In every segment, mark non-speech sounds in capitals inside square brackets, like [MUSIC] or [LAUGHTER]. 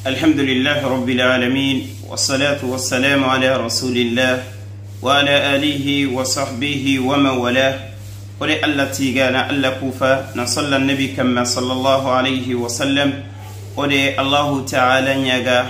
الحمد لله رب العالمين والصلاة والسلام على رسول الله وعلى آله وصحبه ومن والاه ولألا تيغانا ألا كوفا نصلى النبي كما صلى الله عليه وسلم ولي الله تعالى نيغا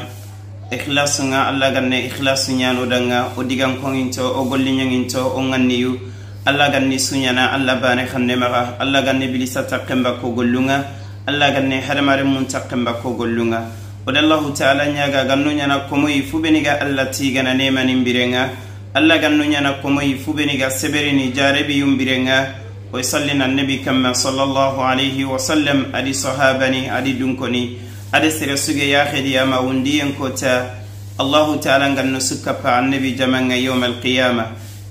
إخلاص nga alla ganne ikhlas nyano danga o digan ko into o golli nyangin to o nganniyu alla ganne sunyana alla bane khanne maga alla ganne bilisa takkemba ko gollunga alla ganne hadamare mun takkemba ko gollunga wo de allahu taala ñaaga gannu ñana komoyi fu beniga allah tiigana nemanin birenŋa allah gannu ñana komoyi fu beniga seberini jarebiyum birenŋa wo sallina nebi kamma salllahu alayhi wa sallam adi sahabani adi dunkoni ade sere suge yaahediyama wundiyen kota allahu taala gannu sukkappa annabi jamanŋa yowma alqiyama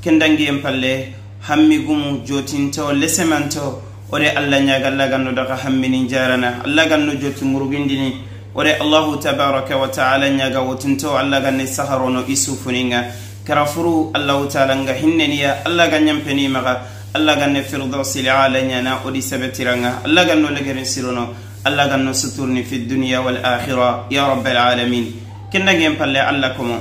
kendangiyen palle hammigumu jotinto lesemanto ore allah ñaga allah gannu daga hamminin jarana allah gannu joti murugindini ore allahu tabaraka wa taala ɲaga wotunto alla ga ne saharono i sufuninga kara furu allahu taala nga hinneniya alla ga ɲanpeni maga alla ga ne firdosili ala ɲana wo di sebetiranga alla ga no legerin sirono alla ga no suturni fi duniya wal akhira ya rabbal alamin kendagen palle alla komo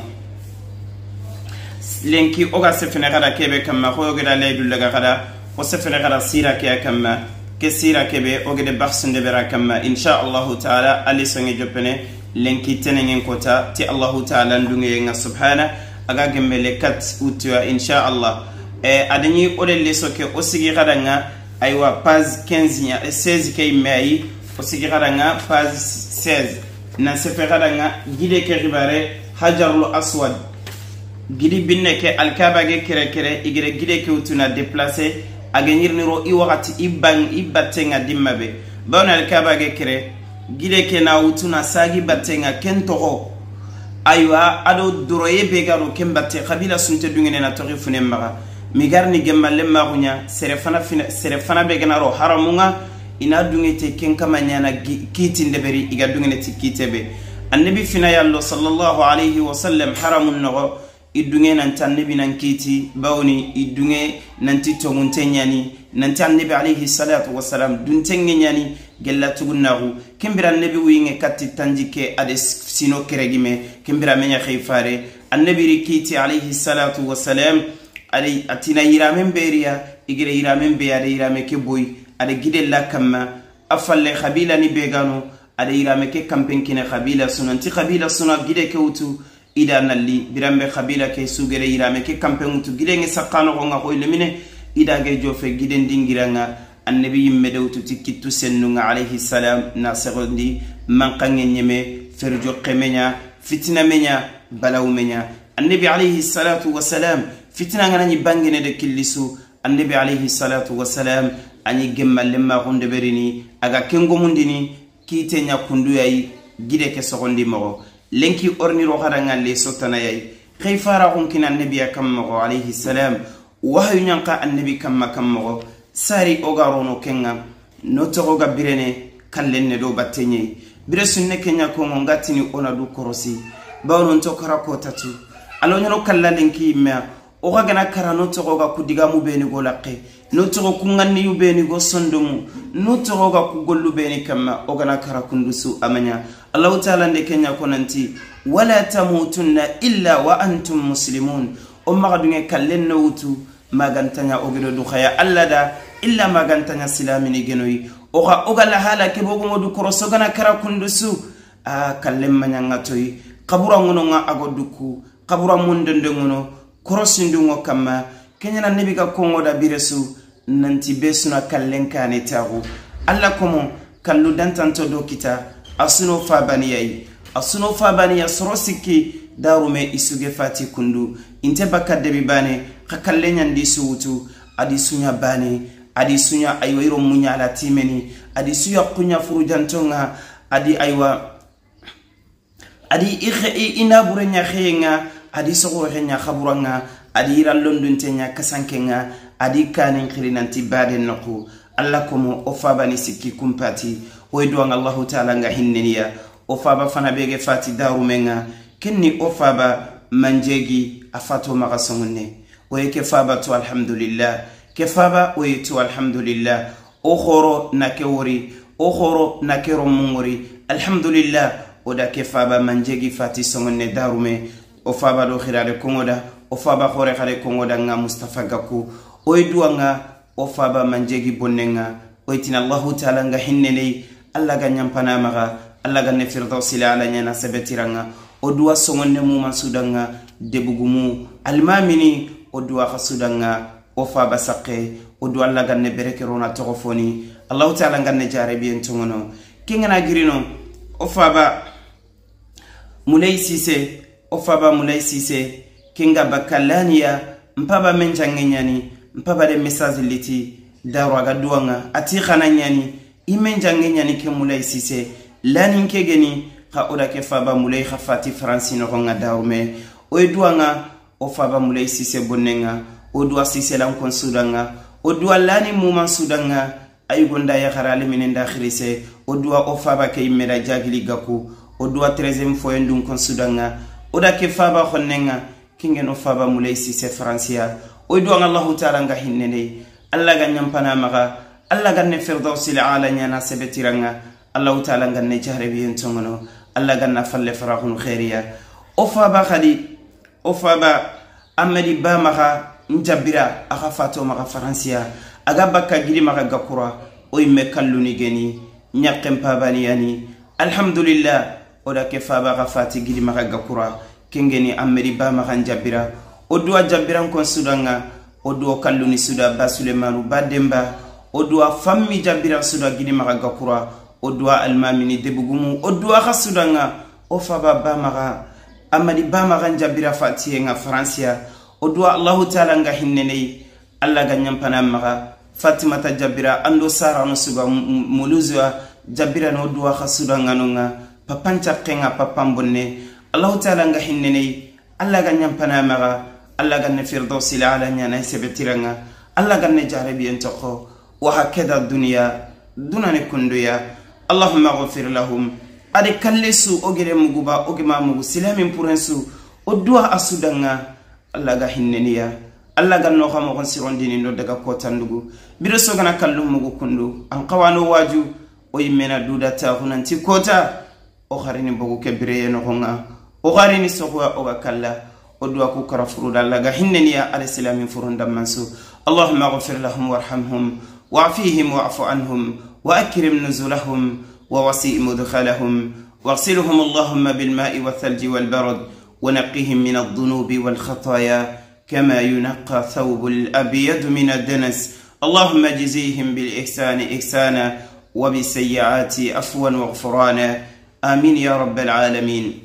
lenki o ga sefene kada kebe kamma ko yogeda layidulle ga kada wo sefene kada sira keya kamma ke sira kebe wo gede baxsindebera kamma inchallahu taala ali soŋe joppene lenki tenengen kota ti allahu taala ndungeyenga subhana aga gembele kat utiwa inchallah e adañi wo le leso ke wo sigi xadanga aywa page 15 16 ke yimme ayi wo sigi 16 na sefe xadanga gide ke xibare hajarlu aswad gidi binne ke alkaba ge kere kere igere gide ke utuna déplacer age ñirniro i wakati i baŋ i batenŋa dinma be bawna ali kabage kere gide ke na wutuna sagi batenŋa ken toxo ayiwa ado doroye be gado ken bate xabila sunte duŋenena toxi funen maxa mi garini gemmale maxuɲa sere fana be ganaro haramuŋa ina duŋete ken kama ɲana kitinde beri i ga duŋene ti kite be annabi fina yallo sallallahu alayhi wasallam haramu noxo idduŋe nanti annabi nan kiiti bawni idduŋe nanti toŋunte ɲani nanti annabi alayhi salatu wasalam dunteŋe ɲani gella tugun nahu kimbira annabi wuyiŋe katti tanji ke ade sino keregime kimbira meɲa xeifare annabi ri kiiti alayhi salatu wasalam ali atina yiramen beeriya igire yiramen be ade yirame ke boyi ade gidella kamma afalle xabilani begano ade yirame ke kampen kine xabila suno nti xabila suno gide ke wutu ida nalli biranbe kabila ke sugere yirame ke kampe ŋutu gidenge sakkanoxonga xoy lemine idage jofe gidendingiranga annabi yimme dewututi kittu sennunga alayhisalam na segondi mankange ñeme ferjoqe meña fitina meña balawu meña annabi alayhisalatu wasalam fitina ŋanañi bangene de killisu annabi alayhisalatu wasalam añi gemma lemmaxundeberini aga kengomundini kiite ña kunduyayi gide ke soxondi moxo lenki orniro xadangan le sottanayay xey faraxunkina annabiya kam moxo alayhisalam waxayuñanqa annabi kamma kam moxo sari ogarono kenga no toxoga birene kanlen ne do batteñey bire sunne kenya kongo ngatini onadu korosi bawonon to kara kotatu aloñano kalla lenki yimmea oxa gana kara no toxoga kudigamu benigo laqe no toxo kunganniyu benigo sondomu no toxoga kugollu beni kamma ogana kara kundusu amaña allahu taala nde keña ko nanti wala tamutunna illa wa antum muslimun o magaduŋe kallen no wutu magantaña o geno duhaya allah da illa magantaña silamini genoyi o xa o ga lahala keboogoŋo du koroso gana kara kundusu a kallen mañanga toyi xabura ŋunoŋa ago dukku xabura mundonde ŋuno korosindunŋo kamma keñana nebi ga konŋo da biresu nanti be suna kallen kane taxu allah komo kallu dantanto do kita asuno fabaniyayi asuno fabaniya soro sikki darume isuge fati kundu inte bakka debi bane kakalle nyandi suwutu adi sunya bane adi sunya aywa iro munya ala timeni adi suya kunya furu jantonga adi aywa adi ikhe i inabure nya khenga adi sogo khe nya khabura nga adi ira londun te nya kasanke nga adi kanin khirinanti bade nako alla komo ofabani sikki kumpati wo duwan allahu taala nga hinneniya o faba fana bege fati daru men ŋa kenni o faba manjegi a fato maga soŋunne wo ye ke faba to alhamdulillah ke faba wo ye to alhamdulillah o horo na ke wori o horo na ke romun wori alhamdulillah o da ke faba manjegi fati soŋunne daru me o faba do hirale koŋoda o faba hore hare koŋoda ŋa mustapha gakku wo ye duwan ŋa o faba manjegi bonne ŋa wo ye tina allahu taala nga hinnenei alla ga ɲampana maga alla ga nefirdo sila ala ɲana sebetiranga o duwa soŋonne muma sudanga debugumu alimamini o duwa ka sudanga o faba sakke o duwa alla ga ne berekerona togo foni allahu taala ga ne jarebiyen toŋono kengana girino o faba mulai sise o faba mulai sise kenga bakkalaniya npaba men jange ɲani npaba de message liti daro aga duwanga ati kana ɲani imen jange ɲani ke mulai e sise lanin ke geni xa oda ke faba mulai xa fati faransi noxon ga dawome wo ye duwan wo faba mulai sise bonnen ga wo duwa siselankon sudan ga wo duwa lani muman sudan ga ayigonda yaxara ale minen da xirise wo duwa wo faba ke immeda jagili gaku wo duwa tresième foyen dun kon sudan ga wo da ke faba xonnen ga kingen wo faba mulai sise faransiya wo ye duwan allahu taala nga hinnene alla ga ɲampana maxa allah gan ne firdawsi lala ñana sebetiranga allahu taala gan ne jaharebiyen togono allah gan na falle farahunu heriya o faba hadi o faba amadi ba maha njabira aha fato maha faransiya aga bakka gili maha gakura o yimme kalluni geni ñakken pabaniyani alhamdulillah o dake faba ha fati gili maha gakura kengeni amadi ba maha njabira o duwa jabiran kon sudanga o duwo kalluni suda ba sulemanu ba demba o duwa fammi jabiran suda gini maga gakura o duwa almamini debugumu o duwa ha suda nga o faba ba maga amadi ba maga jabira fatiye nga faransiya o duwa allahu taala nga hinnenei allah ga nyampana maga fatimata jabira ando saranu suga muluzwa jabira no duwa ha suda nga nunga papanca kenga papan bonne allahu taala nga hinnenei allah ga nyampana maga allah ga ne firdausila ala nyana sebetiranga allah ga ne jarabiyen toko وهكذا الدنيا دون نكندويا اللهم اغفر لهم ادي كلسو اوغري مغوبا اوغما مغو سلام برنسو ودوا اسودانا الله غينيني الله غنو خما كون سيرون ديني نو دغا كوتاندغو بيرو سوغنا كالو مغو كوندو ان قوانو واجو وي مينا دودا تا هونانتي كوتا o harini bogu kebire ye noxonga o harini sogoya oga kalla o duwa ku kara furuda laga hinneniya alisilamin furundanmanso allahuma gfir lahum warhamhum واعفيهم واعف عنهم وأكرم نزلهم ووسيء مدخلهم واغسلهم اللهم بالماء والثلج والبرد ونقهم من الذنوب والخطايا كما ينقى ثوب الأبيض من الدنس اللهم جزيهم بالإحسان إحسانا وبالسيئات عفوا وغفرانا آمين يا رب العالمين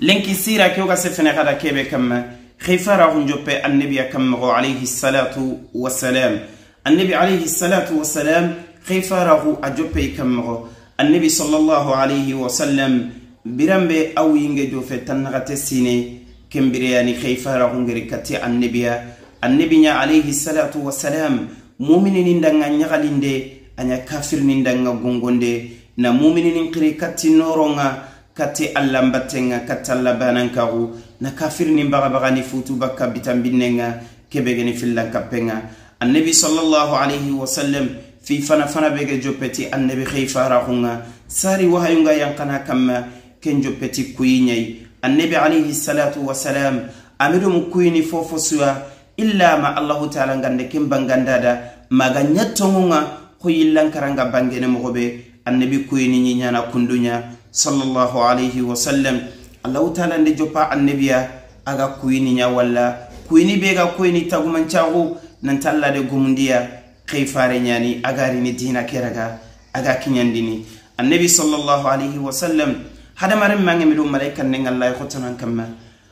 لنكي سيرا ke سفنا غدا كيبي كما خيفا xifara جوبي النبي kanmaxo عليه الصلاه والسلام annabi alayhi salatu wasalam xeifaraxu a joppei kam moxo annabi salllahu alayhi wasallam biranbe awuyinge jofe tannaxate sine kenbireyani xeifaraxu ngeri kati annabiya annabiya alayhi salatu wasalam muminenin danga ɲaxalinde aɲa kafirinin danga gongonde na mumininin xiri kati noronga kati allanbatenga kati allabanankaxu na kafirinin baxabaxani futu bakka bitanbinnenga kebegeni fillankappenga annabi sallallahu alayhi wa sallam fi fana fana be ge joppeti annabi xeifaraxunga sari wahayunga yankana kamma ken joppeti kuyiñayi annabi alayhi salatu wasalam amidomu kuyini fofo suwa illa ma allahu taala ngande ken bangandada maga ñattongunga ko yillankaranga bangene moxo ɓe annabi kuyini ñiñana kunduña sallallahu alayhi wa sallam allahu taala nde joppa annabiya aga kuyiniña walla kuyini ɓe ga koyini tagumancaxu nan tallade gomundiya kayfare ñani agarini dina keraga aga kiñandini annabi sallallahu alayhi wa sallam hadamaren mangeme ɗo malaikat ne ngalla e hottanan kamma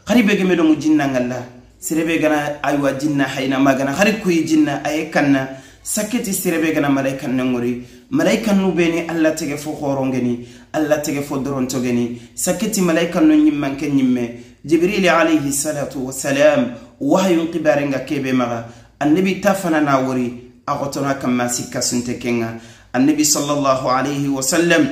hari begeme ɗo mo jinna ngalla serebe gana aywa jinna hayna magana hari kuyi jinna aye kanna sakketi serebe gana malaikat ne gori malaikat nu beni allah tege fo horo geni allah tege fo doronto geni sakketi malaikat no ñimmanke ñimme jibril alayhi salatu wasalam wahayun qibarenga kebe maga annabi ta fana na wuri a kotona kanma sikka sunte kenga annabi sallallahu alaihi wasallam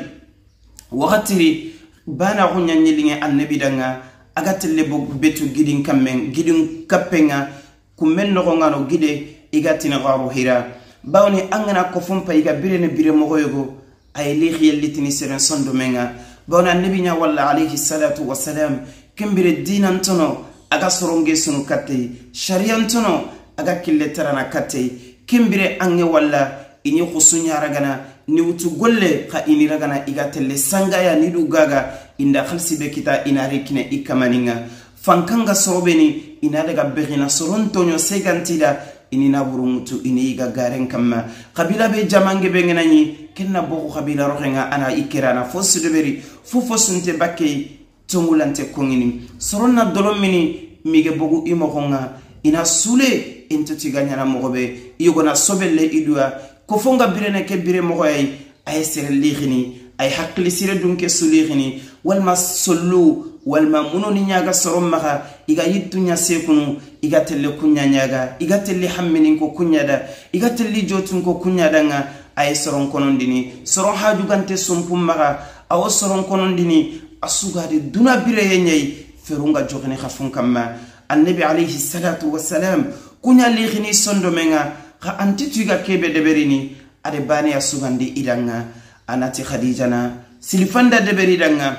wakatiri bana kunyanyilinge annabi danga aga tille bo betu gidin kamen gidin kapenga kumen nogo ngano gide iga tina garo hira bawni angana kofumpa iga birene bire mogoyogo ay lihi yallitini seren sondo menga bawna annabi nya walla alaihi salatu wasalam kembire dinan tono aga soronge sunu katte shariyan tono a ga kille tarana katte kembire ange walla i ɲe xusuɲaragana ni wutu golle xa iniragana i ga telle sangaya ni du gaga inda halisi be kita inari kine i kamaninŋa fankanga sorobeni ina daga bexina sorontoɲo segantida ini na burunŋutu ini i ga garen kanma xabila be jamange be ŋena ɲi kenna boxu xabila roxenŋa ana i kerana fo sudeberi fo fo sunte bakke tongulante koŋini soronna dolon mini mige bogu i moxonŋa ina sule into tiganyana mogobe iyogona sobelle iduwa ko fo nga birene ke bire mogoyay aye sere lihini aye hakkili sire dunke su lihini walma sollu walma munoni nyaga soron maha iga yittu nya sekunu iga telle kunya nyaga iga telle hammini ko kunyada iga telli jotun ko kunyada nga aye soron konondini soron hajugante sumpum maha awo soron konondini asugade duna bire yenyay ferunga jogene khafun kamma annabi alayhi salatu wassalam kuñalixini sondo menga xa anti tuiga kebe deberini ade baneya sugandi idanga anati khadijana silifanda deberi danga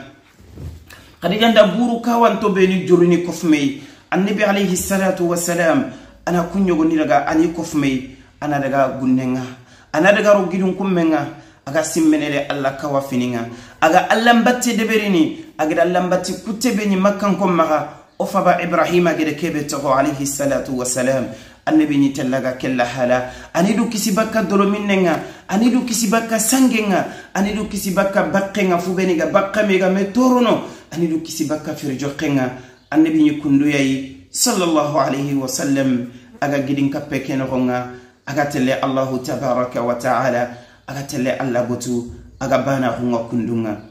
khadijanda buru kawanto beni joluni kofmey annabi alayhi salatu wasalam ana kunyogoni daga ani kofmey ana daga gunnenga ana daga rogidun kummenga aga simmenele allah kawa fininga aga allah mbatti deberini agida allah mbatti kutte beni makkan kon maxa o faba ibrahima gede keɓe toho alayhi salatu wasalam annabi ni tellaga kella hala ani ɗu kisi bakka dolominnega ani ɗu kisi bakka sangega ani ɗu kisi bakka bakkega fubeniga bakkamega ma toruno ani ɗu kisi bakka firjokkega annabi ni kunduyayi sallllahu alayhi wasallam aga giɗin kappe kenogoga aga telle allahu tabaraka wa taala aga telle allah botu aga bana hunga kunduga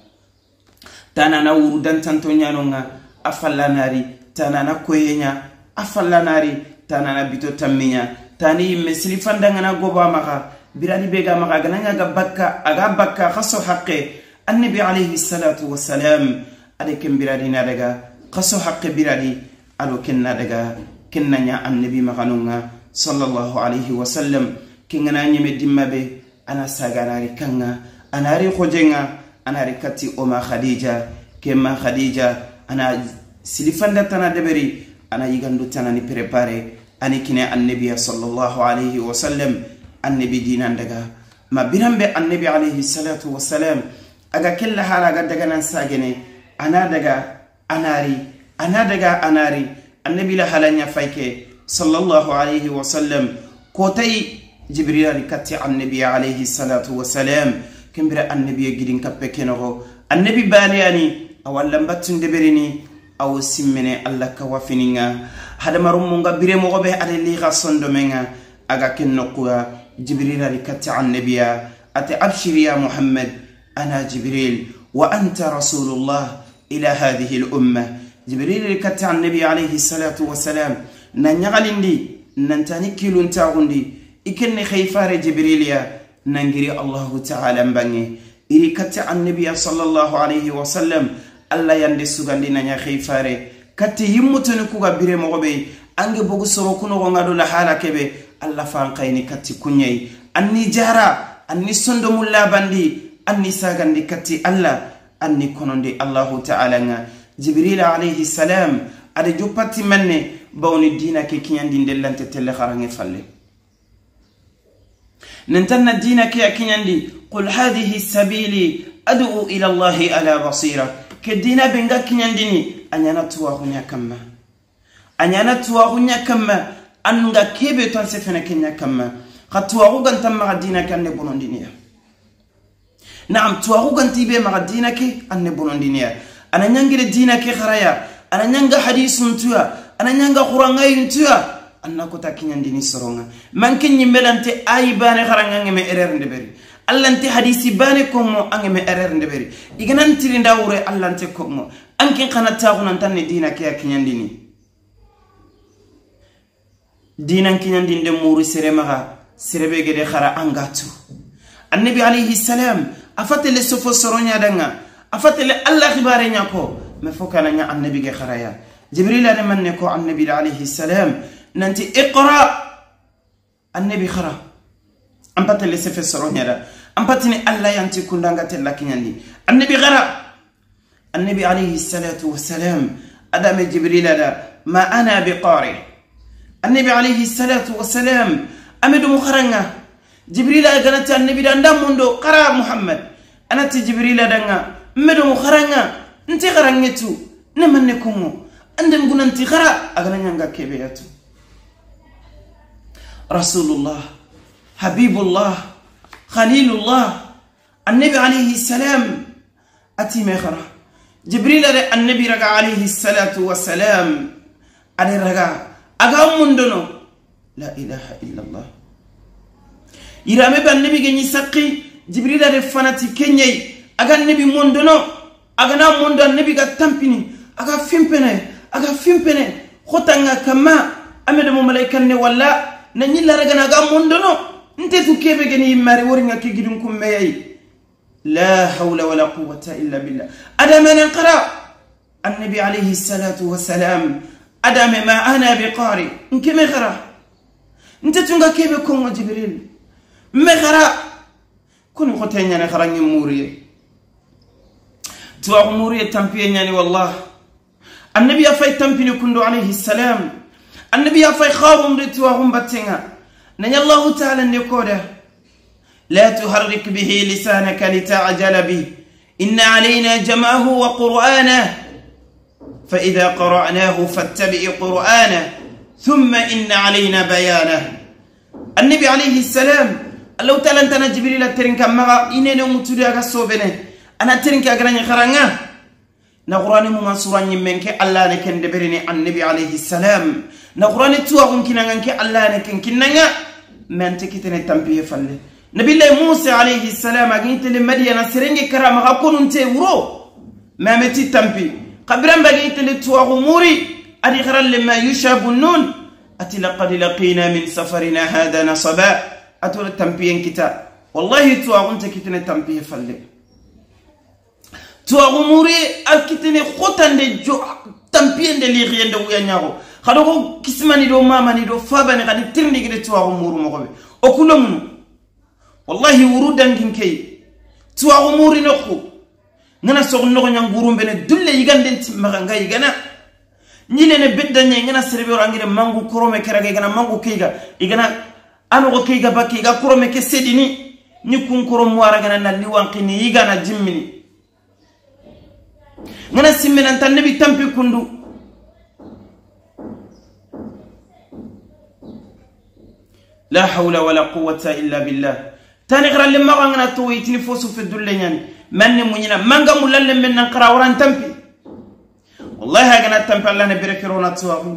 tanana wuru dantantoyanoga a fallanari tanana koyeya a fallanari tanana bito tammiya tani yimme silifandangana gobo a maxa birani be ga maxa gananga ga bakka aga bakka xaso haqe annabi alayhi salatu wasalam ada ken birani na daga xaso haqe birani alo ken na daga ken naya annabi maxanunga salllahu alayhi wasallam kengana ñeme dimmabe ana saganari kanga anari xojenga anari kati oma khadija ke ma khadija ana silifanda tana deɓeri ana yigandu tanani prépare ani kine annabiya sallallahu alayhi wa sallam annabi dinan daga ma biranɓe annabi alayhi salatu wasalam aga kella hala aga daganan sagene ana daga anari ana daga anari annabi la halaya fayke sallallahu alayhi wa sallam kotayi jibril ani katti annabiya alayhi salatu wasalam kembira annabiya gidin kappe kenoxo annabi baneyani awa lambattundeɓerini awo simmene alla ka wafininŋa hadamarunmunga biremoxobe ale lixa sondomenŋa aga ken nokkuya jibril ari kati annabiya ate abshiriya muhammad ana jibril wa anta rasulullah ila hadihi lumma jibril ari kati annabi alayhi salatu wasalam na ɲaxalindi nantani kiluntaxundi i ken ni xeifare jibrilya nangiri allahu taala nbange iri kati annabiya sallallahu alayhi wasallam allah yande sugandi naña xeifare kati yimmutoni kuga bire mogo ɓey ange bogu soro kunogo ngado lahala keɓe allah fanxayini kati kunyayi anni jara anni sondomu labandi anni sagandi kati allah anni konondi allahu taala nga jibril alayhi salam ada juppati manne bawni dina ke kiñandinde lante telle xarange falle nantan na dina ke a kiñandi qul hadihi sabili adu'u ila llahi ala basira ke dina be nga kiñandini a ñana tuwaxuña kamma a ñana tuwaxuña kamma a nunga kebe tan se fene ke ña kamma xa tuwaxu ganta maxa dina ke an ne bonondiniya naam tuwaxu ganti be maxa dina ke an ne bonondiniya ana ñangire dina ke xaraya ana ñanga hadisuntuya ana ñanga xuranga yintuya an na kota kiñandini soronga man ke ñimbelante ayi bane xaranga ngeme erer ndeberi allante hadisi bane kommo ange me erere ndeɓeri iganantiri nda wuro e allante kommo ankin kana taxunan tan ne dina keya kiñandini dinan kiñandin de muru seremaxa serebe gede xara anga tu annabi alayhi salam a fatele sofo soroñadanga a fatele allah xibare ña ko ma fo kana ña annabi ge xaraya jibrila ne man ne ko annabi alayhi salam nanti iqra annabi xara an patele sefe soroñada امباتيني الله ينتي كوندانغات لكنني يعني. النبي غرا النبي عليه الصلاه والسلام ادم جبريل لا ما انا بقاري النبي عليه الصلاه والسلام امد مخرنا جبريل اغنت النبي داندموندو قرا محمد انا تي جبريل دانا امد مخرنا انت قرانيتو نمنكمو اندم غن انت قرا اغننغا كبياتو رسول الله حبيب الله خليل الله النبي عليه السلام أتي مخرة جبريل النبي رجع عليه الصلاة والسلام على رجع أقام من دونه لا إله إلا الله يرامي بالنبي جني سقي جبريل رفناتي كنيي أقام النبي من دونه na من دون النبي tampini aga fimpene aga fimpene khotanga kama amedo mo malaika ne walla na nyilla raga na ga nte tu kebe geni yimmari woriŋa kigidun kunmeyayi la hawla wala quwata illa billah adamanan kara annabi alayhi salatu wasalam adame ma ana biqari nke me kara nte tunga kebe konŋo jibril me kara kunu kote ñane kara ñin muriye tuwaku muriye tampiye ñani wallah annabi ya fay tampini kundo alayhi salam annabi ya fay haarum de tuwakun battenŋa نجى الله تعالى نقول لا تحرك به لسانك لتعجل به إن علينا جمعه وقرآنه فإذا قرأناه فاتبع قرآنه ثم إن علينا بيانه النبي عليه السلام الله تعالى أنت جبريل ترنك مغا إننا متولي أغسوبنا أنا ترنك أغراني خرانيا na qur'ani mun منك nyi menke allah النبي عليه السلام berene annabi alayhi salam na qur'ani tuwa kun من تكتن التنبيه فل نبي الله موسى عليه السلام أجنت للمدينة سرنج كرام غاكون انتي ورو ما متي تنبي قبرن بجنت للتواغ موري أدخرا لما يشاب النون أتي لقد لقينا من سفرنا هذا نصبا أتول التنبيه كتاب والله تواغ انت كتن التنبيه فل تواغ موري أكتن خطن دي جو تنبيه دي لغيان دويا نيارو xaɗa ko kismaniɗo mamaniɗo fabani xadi tirndigide tuwaxu murumoxoɓe o kulomunu wallahi wuru danginkeyi tuwaxu murinoxu ngana sox noxoñanguurumbene dulle yiganden timmaxa nga yigana ñilene beddaña ngana serveur angire mangu korome kerage igana mangu keyga igana anoxo keyga bakke iga korome ke seɗini ni kunkoro moaragana nali wankini yigana jimmini ngana simmenanta nebi tampi kundu لا حول ولا قوة إلا بالله تنقر لما غنى توي تنفوس في الدنيا من منينا من قام ولا من نقرا ورا تمبي والله غنى تمبي الله نبرك رونا تواغو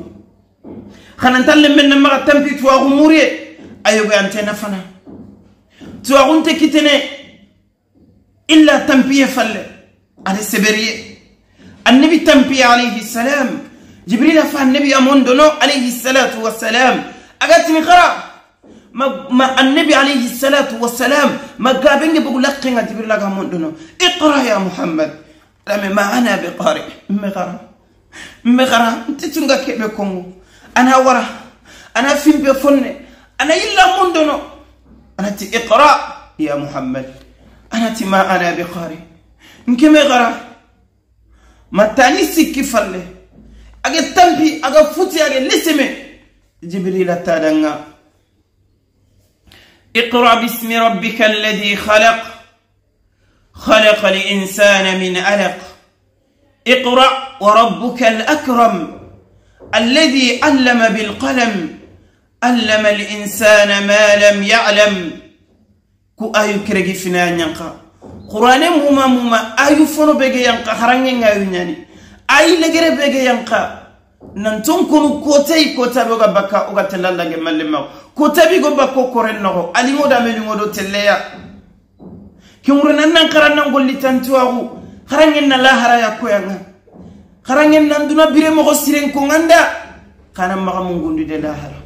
خنا نتلم من ما تمبي تواغو موري ايوب انت نفنا تواغو انت كيتني الا تمبي فل على السبري النبي تمبي عليه السلام جبريل فالنبي امون دونو عليه الصلاه والسلام اغاتني ما, النبي عليه الصلاة والسلام ما قابلني بقول لك قيمة جبريل لك هم اقرأ يا محمد لما ما أنا بقارئ مغرى مغرى أنت تنقى كيف كونغو أنا ورا أنا في بفن أنا إلا مندنو أنا تقرأ يا محمد أنا تي ما أنا بقارئ إنك مغرى ما تاني سكي فلي أجا تنبي أجا فوتي أجا لسمي جبريل تادنغا اقرا باسم ربك الذي خلق خلق الانسان من علق اقرا وربك الاكرم الذي علم بالقلم علم الانسان ما لم يعلم كو ايو كرغي فنا نقا قران مما مما ايو فنو بيغي ينقا خرانين ايو ناني اي لغري بيغي ينقا nanton kunu kotayi kotabe oga bakka oga tellandange mallemao kotabi go bakko koren nogo aliŋo dame liŋo do telleya kenŋurenan nan karan nan golli tantuwaxu xaranŋen na laharaya koyanga xaranŋen nan duna bire moxo siren koŋanda xana maxa mungundi de lahara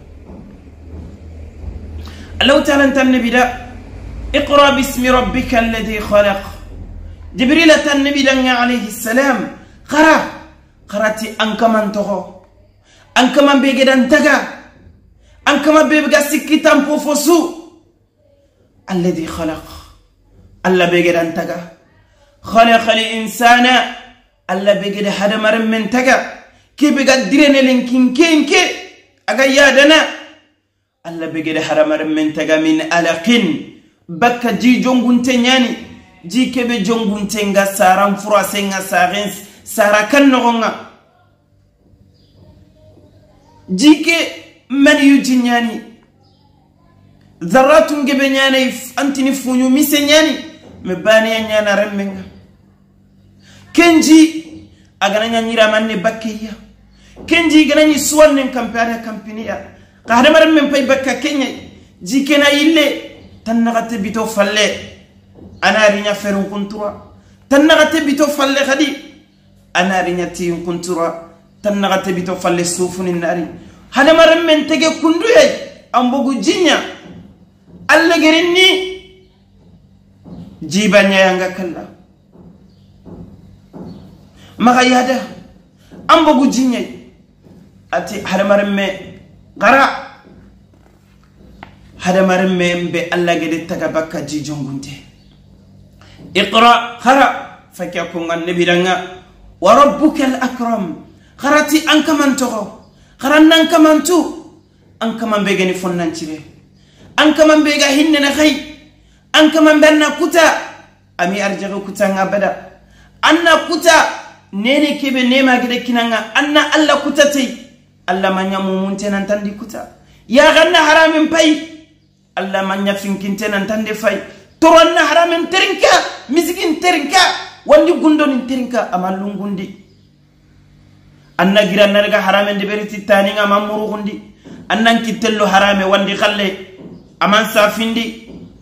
allahu taala ntan nebi da iqra bismi rabbika alladi xalaq jibrila tan nebi danŋa alayhi salam xara karatti ankaman toho ankaman be gedan taga ankaman be ga sikki tampo fosu alladhi khalaq alla be gedan taga خلق الإنسان alla begede hadamaren men taga kebe ga direnelen kinkenke aga yadana alla begede hadamaren men taga min alaqin bakka ji jongunte ñani ji kebe jongunte nga saran furasen nga sagens sara kan nogon ŋa jike man yu jinɲani zaratun gebe ɲanai antini funyu mise ɲani me baniya ɲana renmen ŋa kenji agana ɲa ɲiraman ne bakkeya kenji gana ɲi suwan nen kampe ada kampiniya kahadamaren men pai bakka kenɲai jikena yille tan nagate bito falle anariɲa ferunkuntura tan nagate bito falle hadi anari nyati kuntura tan naga tebito falle sufuni nari hada men tege kunduyay ambogu jinya alla gerinni jibanyayanga kala, maka yada ambogu jinya, ati hada me gara hada men be alla gede taga bakka jijongunte iqra kara fakya kunga nebiranga wa rabbuka al acram harati an kaman toxo xaran nan kamantu an kaman begeni fonnancire an kaman bega hinnene xay an kaman berna kuta ami arjaxe kutanga bada an na kuta nene kebe nemagede kinanga an na alla kuta tey alla maña mumuntenantandi kuta yaxanna haramin pay alla maña finkintenantande fay toronna haramin terinka misigin terinka wandi gundon tirinka amallungundi anna narga harame beriti tani taninga aman gundi annan kitello harame wandi khalle aman safindi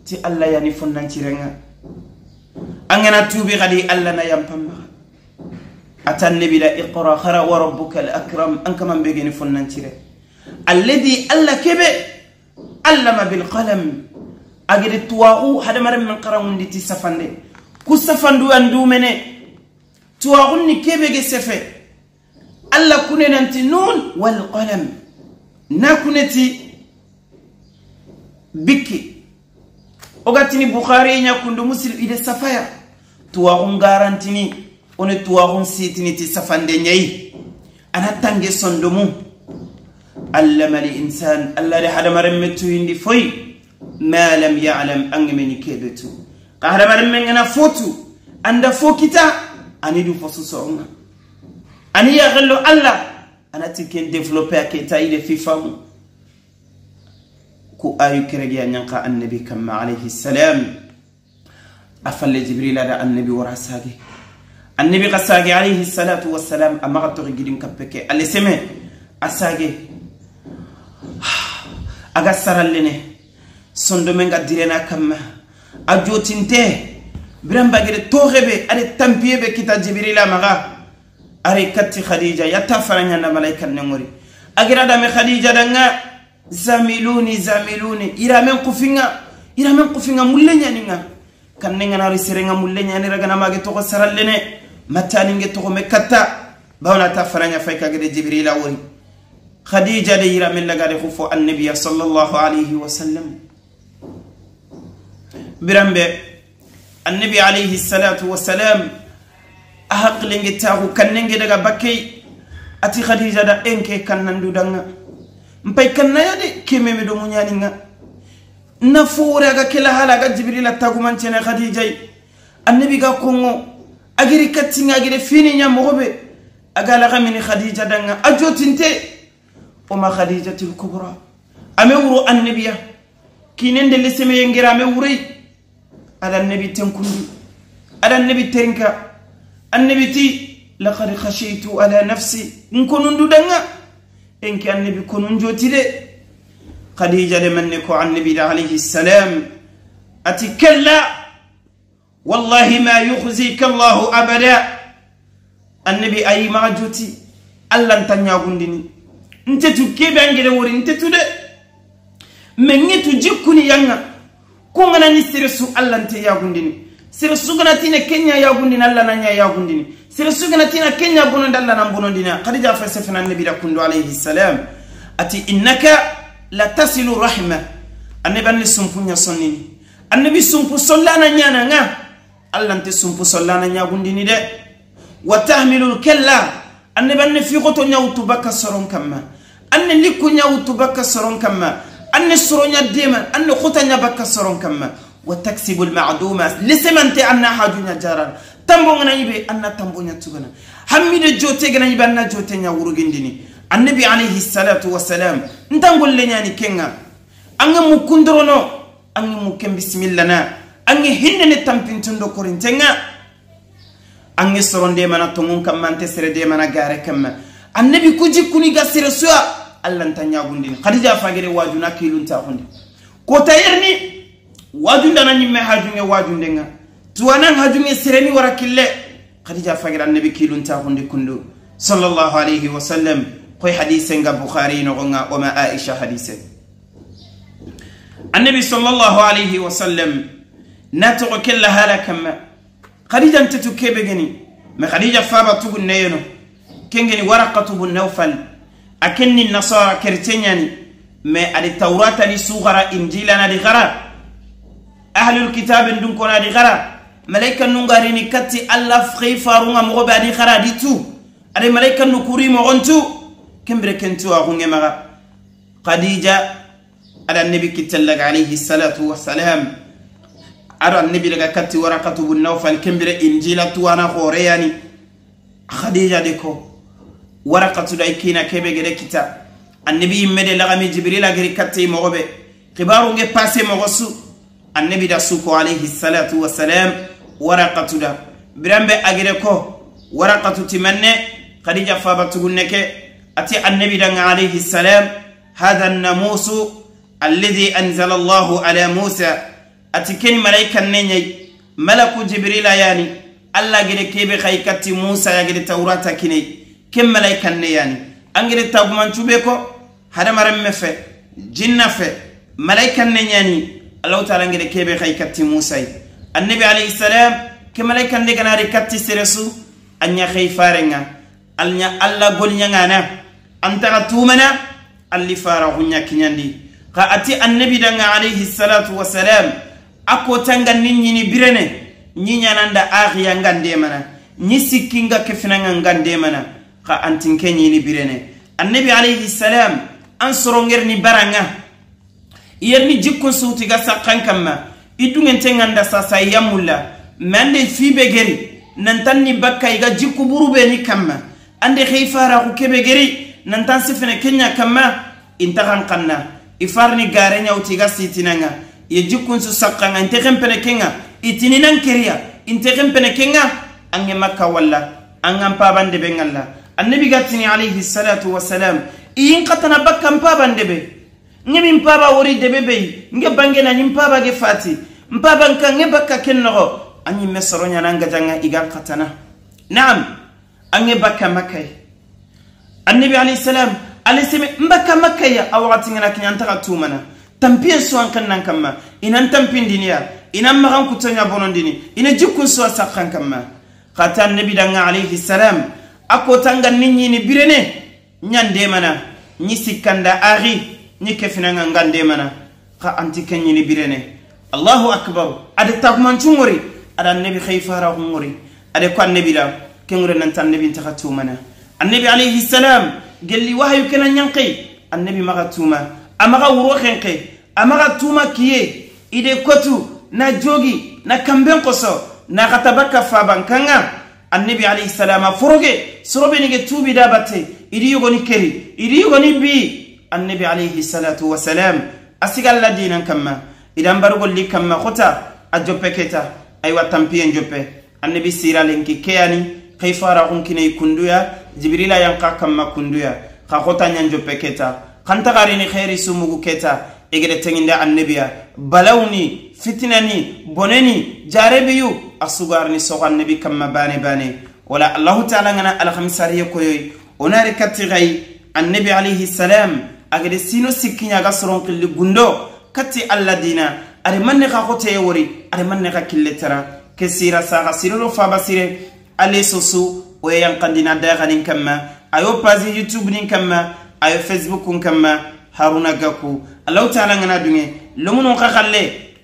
ti alla yani fonnancirenga an angena tubi gadi alla na yampanmaha atan la iqra khara wa rabbuka al akram an kaman ɓe geni fonnancire alladhi alla kebe allama bilkalam agede tuwaku hadamar min karangundi ti safande kusafandu an dumene towaxunni kebege sefe allah kune nanti nun walqalam na kuneti bikki ogatini bukhariye ñakundu musilim ide safaya towaxun garantini one towaxun sitini ti safande ñayi ana tange sondomu allamal insan allah de hadamaren me tuyindi foyi ma lam yalam angemeni kebe tuu ahadamaden ngana fotu anda fo kita ani du fo susoronga ani yagello allah anati ken développé a keta ide fi famu ku ayu kerege a ñanka annabi kamma alayhi salam a falle jibril ada annabi wara sage annabi xa sage alayhi salatu wassalam a maxa toxi gidin kappe ke ale seme a sage [SIGHS] aga saral lene sondomenga direna kamma a jotinte birambagire toxeɓe are tampiyeɓe kita jibrila maxa are katti khadija yatta farañana malaika nengori a giradame khadija danga zamiluni zamiluni iramen kufinga iramen kufinga mulle ñaninga kannenganari serenga mulle ñani raganamage toxo sarallene mattaninge toxo me katta bawanata faraña fay kagede jibrila wori khadija de iramen lagade xu fo annabiya sallallahu alayhi wa sallam biran be annabi alayhi salatu wasalam a haqilengetaaku kannenge daga bakkey ati khadija da enke kannandudanga mpay kannaya de kememe do muñaninga nafoore aga kela hala aga jibrila tagumantene khadijay annabi ga kongo agiri kattinga agire fini ña mogo be aga lagamini khadija danga a jotinte oma khadijatil kobra ame wuro annabiya kinendelle semeyengira ame wuroy على النبي تنكندو على النبي تنكا النبي تي لقد خشيت على نفسي نكونندو دنگا إنك النبي كوننجو تيدي خديجة لمنكو عن النبي عليه السلام أتي كلا والله ما يخزيك الله أبدا النبي أي ما جوتي ألا انتنيا غندني انت تكيب عنك دوري انت تدي من يتجيكني ينغا kogonani sere su allah nte yagundini sere suganatina kenya yagundini allah naya yagundini sere suganatina kenya bonode allah nan bonodini kadija fasefena nebira kundo alayhi salam ati innaka la tasilu rahima annabi anni sumpu ya sonnini annabi sumpu sollana yana ga allah nte sumpu sollana yagundini de wa tahmilu lkella annabi anni fikoto yawutu bakka soron kamma anni likku yawutu bakka soron kamma anne soroñaddema anne hutaña bakka soron kamma wa taxibu lmadumas lesemante anna hajuña jarana tamboganayiɓe anna tamboña tugana hammide jotegenayiɓe anna joteña wurogindini annabi alayhi salatu wasalam nta golleñani kenga anga mukkundorono ange mukken bisimillana ange hinnene tampintundo korintenga ange sorondemana tongon kammante sere demana gare kamma annabi kuji kuni ga sere suya allah nta ñagundini hadisa fagere wajuna kiilunta hunde ko tayerni wajundana ñimme hajunge wajundenga tuwanan hajunge sereni wara kille hadisa fagere annabi kiilunta hunde kundu sallallahu alayhi wa sallam koye hadise nga bouhari nogonga oma aisha hadise annabi sallallahu alayhi wa sallam natogo kella hala kamma hadija ntetu kebe geni ma hadija faba tugu neyeno kengeni warakatubu nawfal akenni nasara kertenyani me adi taurata ni sugara injila na di gara ahlul kitab ndun kona di gara malaika nungari ni katti alla fkhai farunga mo be adi gara di tu adi malaika nukuri mo gontu kembere kentu a hunge maga khadija ada nabi kitallaga alayhi salatu wassalam ado annabi daga katti warakatu bun nawfal kembere injila tuwana khoreyani khadija de ko warakatuda i e kina kebe gede kita annabi yimme de lagami jibrila geri katte i e mogo be kibaru nge passe mogo su annabi da suko alayhi salatu wasalam warakatuda biranbe agire ko warakatu timanne kadija faba tugunne ke ati annabi danga alayhi salam hadha annamusu alladhi anzala llah ala musa ati keni malaikan ne ɲay malaku jibrila yani alla gede kebe xayi katti musa yagede taurata kineyi ke malayikan neyani angiri tagumancube ko hadamarenme fe jinna fe malayikan ne ɲani allahu taala angiri kebe xayi katti musayi annabi alayhi salam ke malayikan de ganari katti seresu a ɲa xeyi farenga alɲa alla golɲangana antaxa tumana alli farahunɲa kiɲandi xa ati annabi danga alayhi salatu wasalam a kotangan ni ɲini birene ɲiɲananda axiyangandemana ɲi sikkinga kefinanga ngandemana xa antinke ñini birene annabi alayhisalam an soronger ni baranga i yer ni jikkun sutiga sakkan kamma i dungente ŋanda sasa yammulla ma ande fibe geri nantan ni bakka iga jikku buruɓeni kamma ande xei faraku kebe geri nantan sifene kenya kamma intaxan xanna i farni gare ñawti iga sitinanga ye jikkunsu sakkanga inte xenpene kenga itininan keriya inte xenpene kenga an ŋe makka walla an ŋan paban debe ŋalla annabi gartini alayhi salatu wasalam iyin katana bakkan paaba ndebe ñemin paaba wori debe bey nge bangena ñin paaba ge faati npaaban ka nge bakka ken noxo a ñimme soroñana ngajanga iga katana naam a nge bakka makkay annabi alayhi salam ala seme n bakka makkaya a waxati ngana kiña ntaxa tumana tampiyen suwan kan nan kam ma inan tampindiniya inan maxan kutoña bonondini ina jikkun suwa saxan kam ma xata annabi danga alayhi salam akotanga ni ñini birene ñandemana ñi sikkanda axi ñi kefinanga ngandemana ka anti ke ñini birene allahu akbar ade takman tagumancungori ada nabi khayfara faraxungori ade kwa nabi la kengure nanta nabi ntaxa tumana annabi alayhi salam gelli wahayu kena ñanxey annabi maxa tuma amaxa wuro xenxe amaga tuma kiye ide kotu na jogi na kamben qoso na katabaka fabankanga annabi alayhi salama foroge sorobenige tuubida batte idi yogoni keri idi yogoni bi annabi alayhi salatu wasalam asiga alla dinan kamma idan barugolli kamma hota a joppe keta aywa tampiyen joppe annabi siralenki keyani kay faraxunkinei kunduya jibrila yanka kamma kunduya xa hota ɲan joppe keta xantaxarini xeeri sumugu keta egede teŋinde annabiya balawni fitinani boneni jarebiyu asugarni soxanne bi kamma bane bane wala allahu taala ngana alhamisariye koyoy onari katti gay annabi alayhi salam agede sino sikkiña ga soron qilli gundo katti allah dina ari manne xa xoteye wori ari manne xa kille tara ke sira saxa sirolo faba sire ale sosu oye yankandina dayaxanin kanma ayo page youtube nin kanma ayo facebook n kanma haruna gaku allahu taala ngana dunge lomunon xa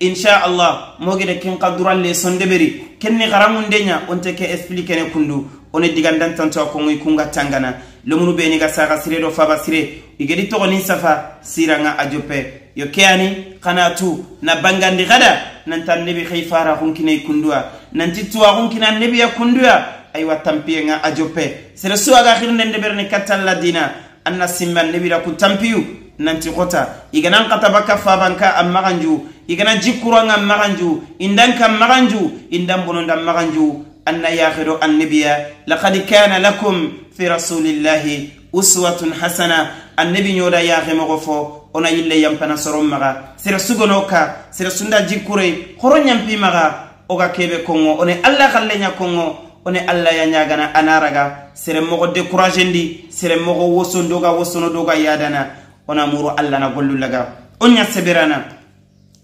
inchallah mogede ken kadduralle sondeɓeri kenni xaramundeya onte ke explique ne kundu one digandantantoa koŋoy kunga tangana lomunu beniga saxa sire do faba sire igedi toxoni safa siranga a joppe yo keyani xana tu na bangandi xada nanta nebi xey fara xunkinei kunduwa nanti tuwa xunkina nebiya kunduya aywa tampiyenga a joppe sere suwaga xirinde ndeɓerni kattalla dina an na simba nebira ku tampiyu nanti xota igana nkataba kafabanka a maxanju igana jikkuranga maxanju indanka maxanju indan bononda maxanju anna yaxiro annabiya lakad kana lakum fi rasulillahi uswatun hasana annabi ɲoda yaximoxo fo ona yille yampana soron maxa serasugono ka serasunda jikkure xoro ɲanpi maxa oga kebe konŋo one alla xallenɲa konŋo one alla yaɲagana anaraga seren moxo découragendi seren moxo wosondoga wosono doga yadana ona muru allah na gollullaga o ña seberana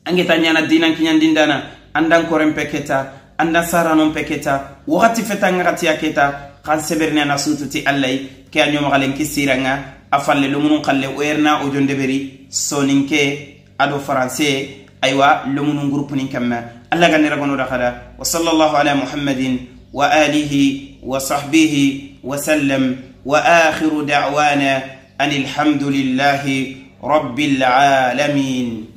a geta ñana dinankiñandindana andan korenpe keta andan saranonpe keta waxati feta ngaxatiya keta xan seberine ana sututi allah ke a ñomaxalen ki siranga a falle lomunun xalle o yerna o jondeberi soninke ado françai aywa lomunun groupenin kamma allah ga neragonoda xada wa sal llahu ala muhammadin wa alihi wa sahbihi wa sallam wa axiru dawana أن الحمد لله رب العالمين